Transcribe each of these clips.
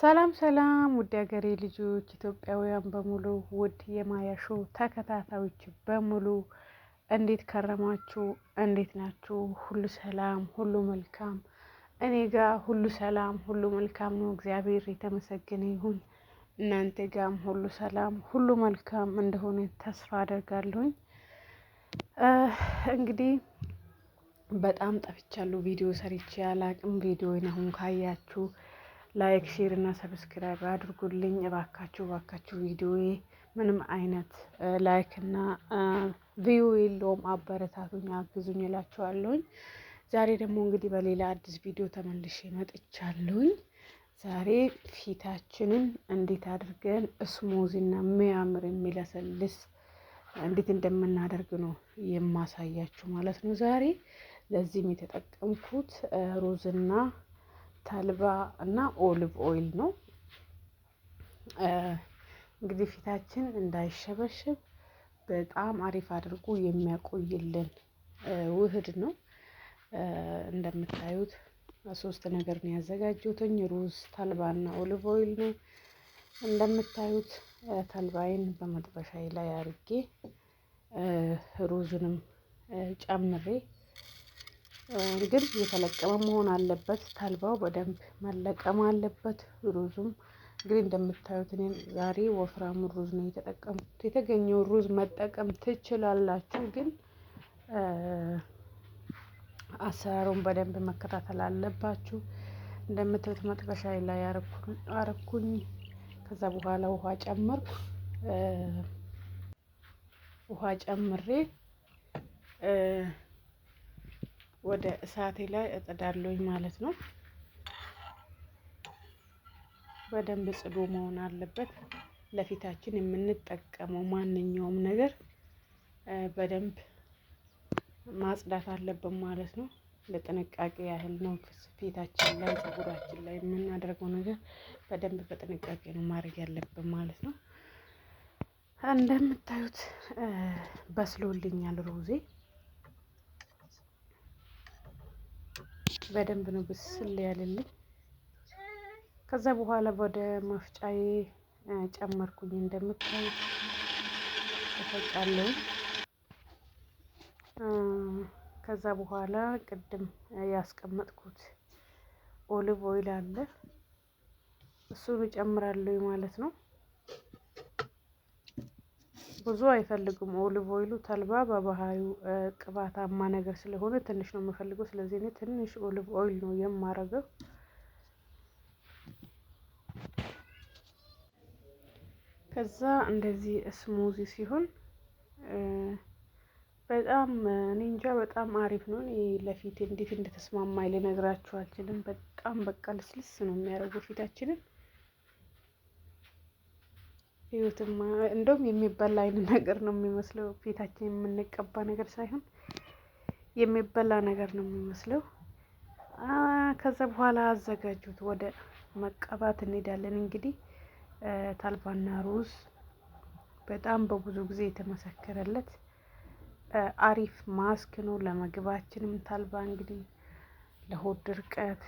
ሰላም ሰላም ውድ ሀገሬ ልጆች ኢትዮጵያውያን በሙሉ ውድ የማያሹ ተከታታዮች በሙሉ እንዴት ከረማችሁ? እንዴት ናችሁ? ሁሉ ሰላም፣ ሁሉ መልካም። እኔ ጋ ሁሉ ሰላም፣ ሁሉ መልካም ነው። እግዚአብሔር የተመሰገነ ይሁን። እናንተ ጋም ሁሉ ሰላም፣ ሁሉ መልካም እንደሆነ ተስፋ አደርጋለሁኝ። እንግዲህ በጣም ጠፍቻለሁ። ቪዲዮ ሰርቼ አላቅም። ቪዲዮ አሁን ካያችሁ ላይክ ሼር እና ሰብስክራይብ አድርጉልኝ እባካችሁ እባካችሁ። ቪዲዮዬ ምንም አይነት ላይክ እና ቪው የለውም። አበረታቱኝ፣ አግዙኝ እላችኋለሁኝ። ዛሬ ደግሞ እንግዲህ በሌላ አዲስ ቪዲዮ ተመልሼ መጥቻለሁኝ። ዛሬ ፊታችንን እንዴት አድርገን እስሙዝ እና የሚያምር የሚለሰልስ እንዴት እንደምናደርግ ነው የማሳያችሁ ማለት ነው። ዛሬ ለዚህም የተጠቀምኩት ሮዝና ተልባ እና ኦሊቭ ኦይል ነው። እንግዲህ ፊታችን እንዳይሸበሸብ በጣም አሪፍ አድርጎ የሚያቆይልን ውህድ ነው። እንደምታዩት ሶስት ነገር ነው ያዘጋጀሁትኝ ሩዝ፣ እና ኦሊቭ ኦይል ነው። እንደምታዩት ተልባይን በመጥበሻ ላይ አድርጌ ሩዙንም ጨምሬ ግን የተለቀመ መሆን አለበት። ተልባው በደንብ መለቀም አለበት። ሩዙም እንግዲህ እንደምታዩት እኔም ዛሬ ወፍራም ሩዝ ነው የተጠቀምኩት። የተገኘው ሩዝ መጠቀም ትችላላችሁ፣ ግን አሰራሩን በደንብ መከታተል አለባችሁ። እንደምታዩት መጥበሻ ላይ አረኩኝ። ከዛ በኋላ ውሃ ጨመርኩ። ውሃ ጨምሬ ወደ እሳቴ ላይ እጥዳለሁኝ ማለት ነው። በደንብ ጽዱ መሆን አለበት። ለፊታችን የምንጠቀመው ማንኛውም ነገር በደንብ ማጽዳት አለብን ማለት ነው። ለጥንቃቄ ያህል ነው ፊታችን ላይ ፀጉራችን ላይ የምናደርገው ነገር በደንብ በጥንቃቄ ነው ማድረግ ያለብን ማለት ነው። እንደምታዩት በስሎልኛል ሮዜ በደንብ ነው ብስል ያለልኝ። ከዛ በኋላ ወደ መፍጫዬ ጨመርኩኝ። እንደምታዩት ተፈጫለሁ። ከዛ በኋላ ቅድም ያስቀመጥኩት ኦሊቭ ኦይል አለ እሱን እጨምራለሁ ማለት ነው። ብዙ አይፈልግም። ኦሊቭ ኦይሉ ተልባ በባህሪው ቅባታማ ነገር ስለሆነ ትንሽ ነው የምፈልገው። ስለዚህ እኔ ትንሽ ኦሊቭ ኦይል ነው የማረገው። ከዛ እንደዚህ ስሙዚ ሲሆን በጣም እኔ እንጃ በጣም አሪፍ ነው። እኔ ለፊት እንዴት እንደተስማማኝ ልነግራችሁ አልችልም። በጣም በቃ ልስልስ ነው የሚያደርገው ፊታችንን ህይወትማ እንደውም የሚበላ አይነት ነገር ነው የሚመስለው። ፊታችን የምንቀባ ነገር ሳይሆን የሚበላ ነገር ነው የሚመስለው። ከዛ በኋላ አዘጋጁት። ወደ መቀባት እንሄዳለን። እንግዲህ ታልባና ሩዝ በጣም በብዙ ጊዜ የተመሰከረለት አሪፍ ማስክ ነው። ለምግባችንም ታልባ እንግዲህ ለሆድ ድርቀት፣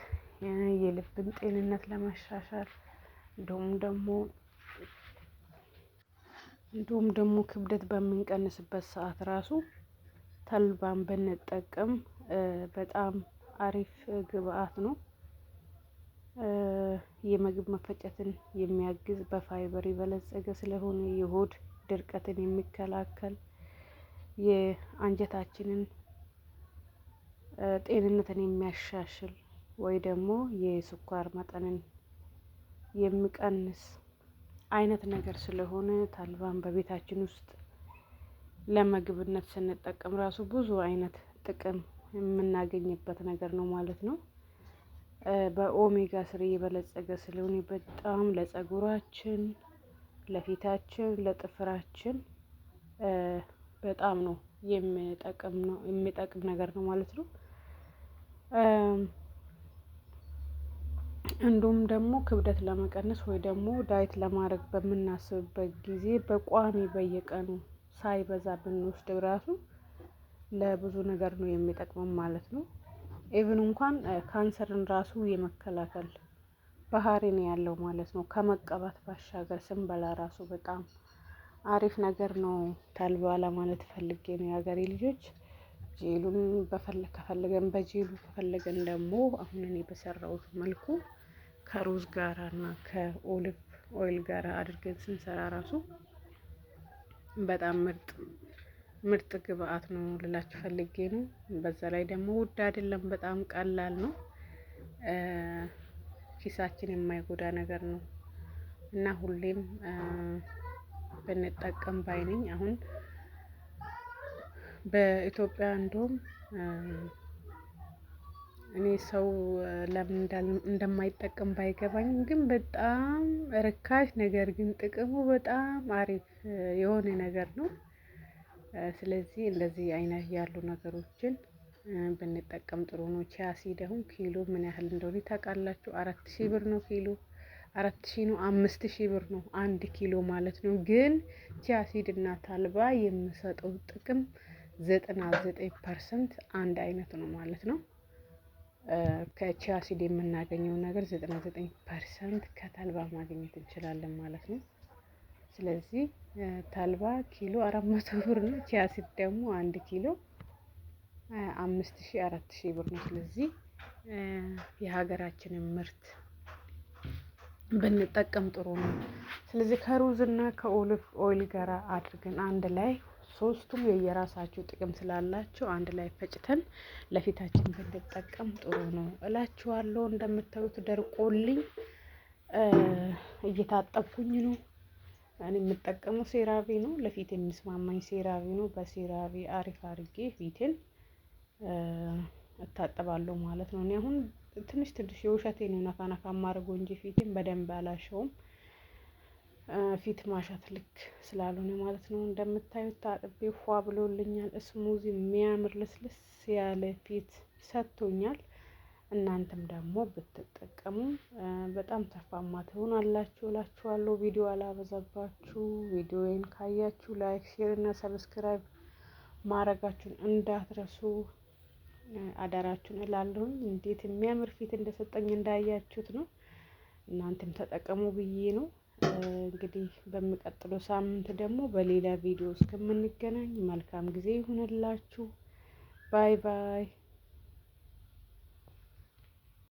የልብን ጤንነት ለማሻሻል እንዲሁም ደግሞ እንዲሁም ደግሞ ክብደት በምንቀንስበት ሰዓት ራሱ ተልባን ብንጠቀም በጣም አሪፍ ግብአት ነው። የምግብ መፈጨትን የሚያግዝ በፋይበር የበለጸገ ስለሆነ የሆድ ድርቀትን የሚከላከል የአንጀታችንን ጤንነትን የሚያሻሽል ወይ ደግሞ የስኳር መጠንን የሚቀንስ አይነት ነገር ስለሆነ ታልባን በቤታችን ውስጥ ለምግብነት ስንጠቀም ራሱ ብዙ አይነት ጥቅም የምናገኝበት ነገር ነው ማለት ነው። በኦሜጋ ስሪ የበለጸገ ስለሆነ በጣም ለጸጉራችን፣ ለፊታችን፣ ለጥፍራችን በጣም ነው የሚጠቅም ነገር ነው ማለት ነው። እንዲሁም ደግሞ ክብደት ለመቀነስ ወይ ደግሞ ዳይት ለማድረግ በምናስብበት ጊዜ በቋሚ በየቀኑ ሳይበዛ ብንወስድ ራሱ ለብዙ ነገር ነው የሚጠቅመን ማለት ነው። ኤቭን እንኳን ካንሰርን ራሱ የመከላከል ባህሪ ነው ያለው ማለት ነው። ከመቀባት ባሻገር ስንበላ ራሱ በጣም አሪፍ ነገር ነው። ተልባ ለማለት ፈልጌ ነው የሀገሬ ልጆች። ጄሉን ከፈለገን በጄሉ ከፈለገን ደግሞ አሁን እኔ በሰራሁት መልኩ ከሩዝ ጋራ እና ከኦሊቭ ኦይል ጋር አድርገን ስንሰራ ራሱ በጣም ምርጥ ምርጥ ግብአት ነው ልላችሁ ፈልጌ ነው። በዛ ላይ ደግሞ ውድ አይደለም፣ በጣም ቀላል ነው። ኪሳችን የማይጎዳ ነገር ነው እና ሁሌም ብንጠቀም ባይነኝ አሁን በኢትዮጵያ እንደውም እኔ ሰው ለምን እንደማይጠቀም ባይገባኝም ግን በጣም ርካሽ ነገር ግን ጥቅሙ በጣም አሪፍ የሆነ ነገር ነው። ስለዚህ እንደዚህ አይነት ያሉ ነገሮችን ብንጠቀም ጥሩ ነው። ቺያ አሁን ኪሎ ምን ያህል እንደሆነ ታውቃላችሁ? አራት ሺህ ብር ነው ኪሎ። አራት ሺህ ነው አምስት ሺህ ብር ነው አንድ ኪሎ ማለት ነው። ግን ቺያ እና ታልባ የምሰጠው ጥቅም ዘጠና ዘጠኝ ፐርሰንት አንድ አይነት ነው ማለት ነው። ከቺያሲድ የምናገኘው ነገር ዘጠና ዘጠኝ ፐርሰንት ከተልባ ማግኘት እንችላለን ማለት ነው። ስለዚህ ተልባ ኪሎ አራት መቶ ብር ነው። ቺያሲድ ደግሞ አንድ ኪሎ አምስት ሺ አራት ሺ ብር ነው። ስለዚህ የሀገራችንን ምርት ብንጠቀም ጥሩ ነው። ስለዚህ ከሩዝ እና ከኦሊቭ ኦይል ጋር አድርገን አንድ ላይ ሶስቱም የየራሳችሁ ጥቅም ስላላቸው አንድ ላይ ፈጭተን ለፊታችን ብንጠቀም ጥሩ ነው እላችኋለሁ። እንደምታዩት ደርቆልኝ እየታጠብኩኝ ነው። እኔ የምጠቀመው ሴራቪ ነው። ለፊት የሚስማማኝ ሴራቪ ነው። በሴራቪ አሪፍ አድርጌ ፊቴን እታጠባለሁ ማለት ነው። እኔ አሁን ትንሽ ትንሽ የውሸቴ ነው ነፋ ነፋ ማድረገው እንጂ ፊቴን በደንብ አላሸውም። ፊት ማሻት ልክ ስላልሆነ ማለት ነው። እንደምታዩት ታጥቤ ፏ ብሎልኛል። እስሙዚ የሚያምር ልስልስ ያለ ፊት ሰጥቶኛል። እናንተም ደግሞ ብትጠቀሙ በጣም ተርፋማ ትሆናላችሁ እላችኋለሁ። ቪዲዮ አላበዛባችሁ። ቪዲዮዬን ካያችሁ ላይክ፣ ሼር እና ሰብስክራይብ ማድረጋችሁን እንዳትረሱ አዳራችሁን እላለሁኝ። እንዴት የሚያምር ፊት እንደሰጠኝ እንዳያችሁት ነው። እናንተም ተጠቀሙ ብዬ ነው። እንግዲህ በሚቀጥለው ሳምንት ደግሞ በሌላ ቪዲዮ እስከምንገናኝ መልካም ጊዜ ይሁንላችሁ። ባይ ባይ።